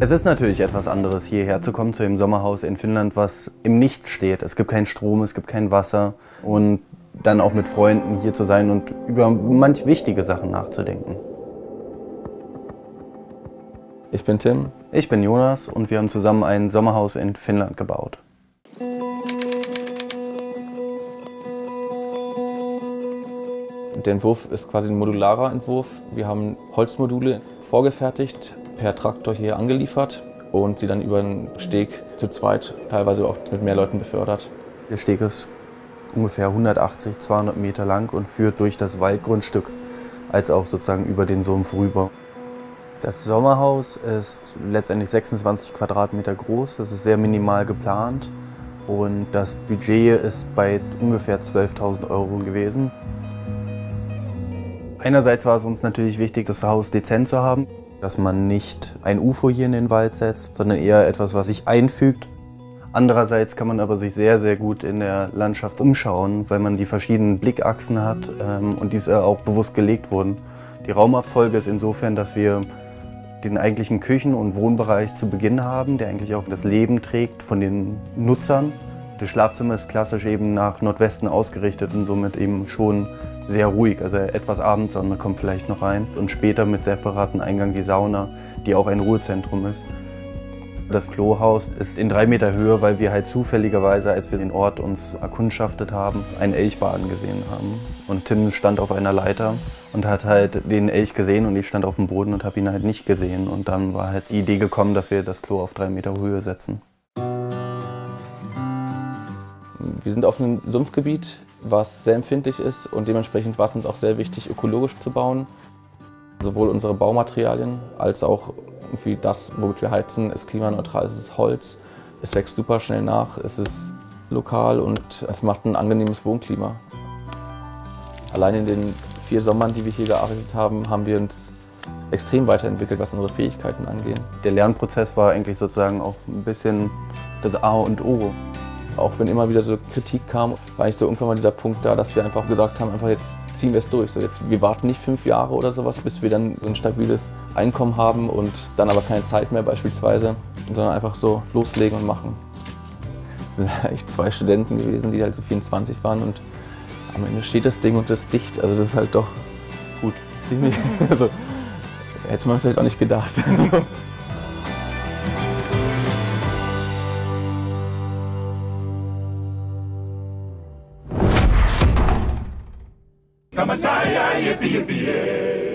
Es ist natürlich etwas anderes, hierher zu kommen, zu dem Sommerhaus in Finnland, was im Nichts steht. Es gibt keinen Strom, es gibt kein Wasser. Und dann auch mit Freunden hier zu sein und über manch wichtige Sachen nachzudenken. Ich bin Tim. Ich bin Jonas und wir haben zusammen ein Sommerhaus in Finnland gebaut. Der Entwurf ist quasi ein modularer Entwurf. Wir haben Holzmodule vorgefertigt, per Traktor hier angeliefert und sie dann über den Steg zu zweit, teilweise auch mit mehr Leuten befördert. Der Steg ist ungefähr 180, 200 Meter lang und führt durch das Waldgrundstück als auch sozusagen über den Sumpf rüber. Das Sommerhaus ist letztendlich 26 Quadratmeter groß, das ist sehr minimal geplant und das Budget ist bei ungefähr 12.000 Euro gewesen. Einerseits war es uns natürlich wichtig, das Haus dezent zu haben, dass man nicht ein UFO hier in den Wald setzt, sondern eher etwas, was sich einfügt. Andererseits kann man aber sich sehr, sehr gut in der Landschaft umschauen, weil man die verschiedenen Blickachsen hat ähm, und diese auch bewusst gelegt wurden. Die Raumabfolge ist insofern, dass wir den eigentlichen Küchen- und Wohnbereich zu Beginn haben, der eigentlich auch das Leben trägt von den Nutzern das Schlafzimmer ist klassisch eben nach Nordwesten ausgerichtet und somit eben schon sehr ruhig. Also etwas Abendsonne kommt vielleicht noch rein und später mit separaten Eingang die Sauna, die auch ein Ruhezentrum ist. Das Klohaus ist in drei Meter Höhe, weil wir halt zufälligerweise, als wir den Ort uns erkundschaftet haben, einen Elchbaden gesehen haben. Und Tim stand auf einer Leiter und hat halt den Elch gesehen und ich stand auf dem Boden und habe ihn halt nicht gesehen. Und dann war halt die Idee gekommen, dass wir das Klo auf drei Meter Höhe setzen. Wir sind auf einem Sumpfgebiet, was sehr empfindlich ist und dementsprechend war es uns auch sehr wichtig, ökologisch zu bauen. Sowohl unsere Baumaterialien als auch irgendwie das, womit wir heizen, ist klimaneutral, es ist Holz, es wächst super schnell nach, es ist lokal und es macht ein angenehmes Wohnklima. Allein in den vier Sommern, die wir hier gearbeitet haben, haben wir uns extrem weiterentwickelt, was unsere Fähigkeiten angeht. Der Lernprozess war eigentlich sozusagen auch ein bisschen das A und O. Auch wenn immer wieder so Kritik kam, war eigentlich so irgendwann mal dieser Punkt da, dass wir einfach gesagt haben, einfach jetzt ziehen wir es durch. So jetzt, wir warten nicht fünf Jahre oder sowas, bis wir dann ein stabiles Einkommen haben und dann aber keine Zeit mehr beispielsweise, sondern einfach so loslegen und machen. Es sind eigentlich zwei Studenten gewesen, die halt so 24 waren und am Ende steht das Ding und das ist dicht. Also das ist halt doch gut, ziemlich. Also, hätte man vielleicht auch nicht gedacht. Kamataya, yippee, yippee, yeah.